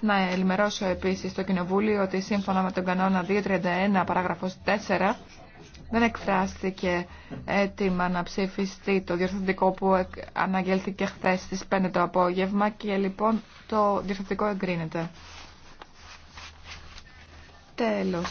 Να ενημερώσω επίση το Κοινοβούλιο ότι σύμφωνα με τον κανόνα 231 παράγραφος 4 δεν εκφράστηκε έτοιμα να ψηφιστεί το διορθωτικό που αναγγέλθηκε χθε στις 5 το απόγευμα και λοιπόν το διορθωτικό εγκρίνεται. Τέλος.